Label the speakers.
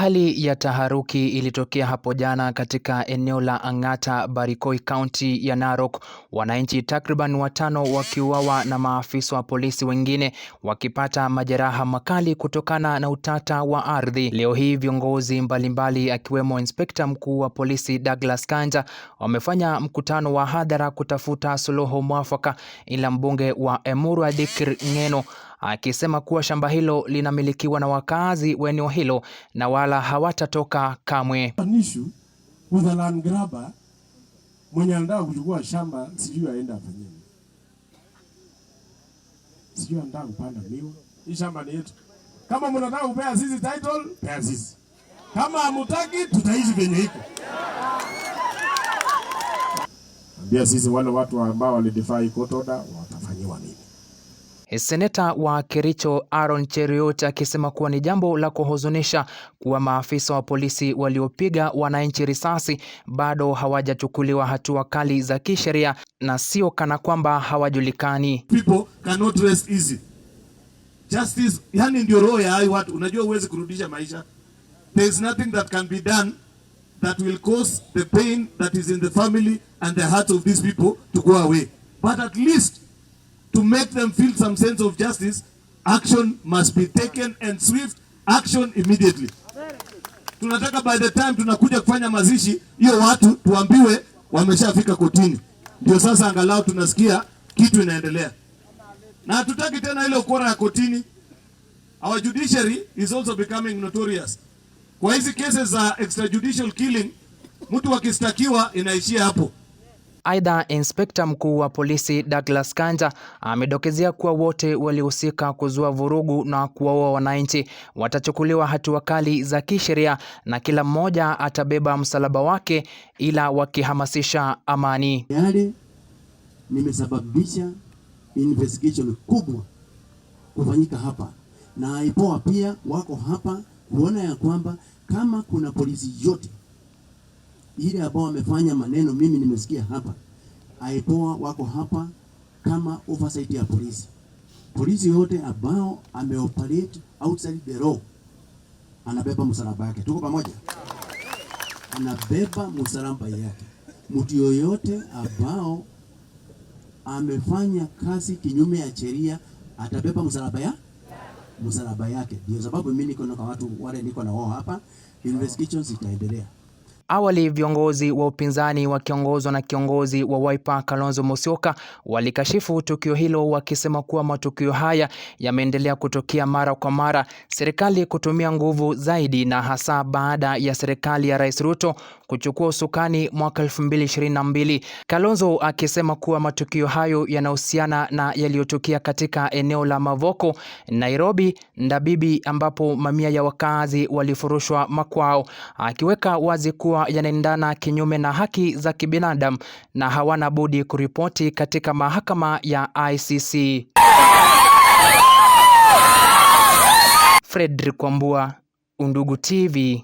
Speaker 1: Hali ya taharuki ilitokea hapo jana katika eneo la Ang'ata, Barikoi, kaunti ya Narok, wananchi takriban watano wakiuawa na maafisa wa polisi wengine wakipata majeraha makali kutokana na utata wa ardhi. Leo hii viongozi mbalimbali akiwemo inspekta mkuu wa polisi Douglas Kanja wamefanya mkutano wa hadhara kutafuta suluhu mwafaka, ila mbunge wa Emurua Dikir Ng'eno akisema kuwa shamba hilo linamilikiwa na wakazi wa eneo hilo na wala hawatatoka kamwe.
Speaker 2: with land grabber mwenye anataka kuchukua shamba, sijui aenda afanye, sijui anataka kupanda miwa. Hii shamba ni yetu. Kama mnataka kupea sisi title, pea sisi. Kama hamutaki tutaishi venye hiko ambia sisi wale watu ambao walidefy court order
Speaker 1: E, seneta wa Kericho Aaron Cheruiyot akisema kuwa ni jambo la kuhuzunisha kuwa maafisa wa polisi waliopiga wananchi risasi bado hawajachukuliwa hatua kali za kisheria na sio kana kwamba hawajulikani.
Speaker 3: People cannot rest easy. Justice, yani ndio roho ya hayo watu. Unajua huwezi kurudisha maisha. There is nothing that can be done that will cause the pain that is in the family and the heart of these people to go away. But at least to make them feel some sense of justice, action must be taken and swift action immediately.
Speaker 4: Tunataka by the time tunakuja kufanya mazishi hiyo, watu tuambiwe wameshafika kotini, ndio sasa angalau tunasikia kitu inaendelea, na hatutaki tena ile ukora ya kotini. Our judiciary is also becoming notorious kwa hizi cases za extrajudicial killing, mtu akistakiwa inaishia hapo.
Speaker 1: Aidha, inspekta mkuu wa polisi Douglas Kanja amedokezea kuwa wote waliohusika kuzua vurugu na kuwaua wananchi watachukuliwa hatua kali za kisheria na kila mmoja atabeba msalaba wake, ila wakihamasisha amani.
Speaker 2: Tayari nimesababisha investigation kubwa kufanyika hapa na IPOA pia wako hapa kuona ya kwamba kama kuna polisi yote ile ambao wamefanya maneno, mimi nimesikia hapa aipoa wako hapa kama oversight ya polisi. Polisi yote ambao ameoperate outside the law anabeba msalaba yake. Tuko pamoja, anabeba msalaba yake. Mtu yoyote ambao amefanya kazi kinyume ya sheria atabeba msalaba ya msalaba yake. Ndio sababu mimi niko na watu wale niko na wao hapa, investigations itaendelea.
Speaker 1: Awali viongozi wa upinzani wakiongozwa na kiongozi wa Wiper Kalonzo Musyoka walikashifu tukio hilo wakisema kuwa matukio haya yameendelea kutokea mara kwa mara, serikali kutumia nguvu zaidi na hasa baada ya serikali ya Rais Ruto kuchukua usukani mwaka 2022, Kalonzo akisema kuwa matukio hayo yanahusiana na yaliyotokea katika eneo la Mavoko, Nairobi, Ndabibi, ambapo mamia ya wakazi walifurushwa makwao, akiweka wazi kuwa yanaendana kinyume na haki za kibinadamu na hawana budi kuripoti katika mahakama ya ICC. Fredrick Kwambua, Undugu TV.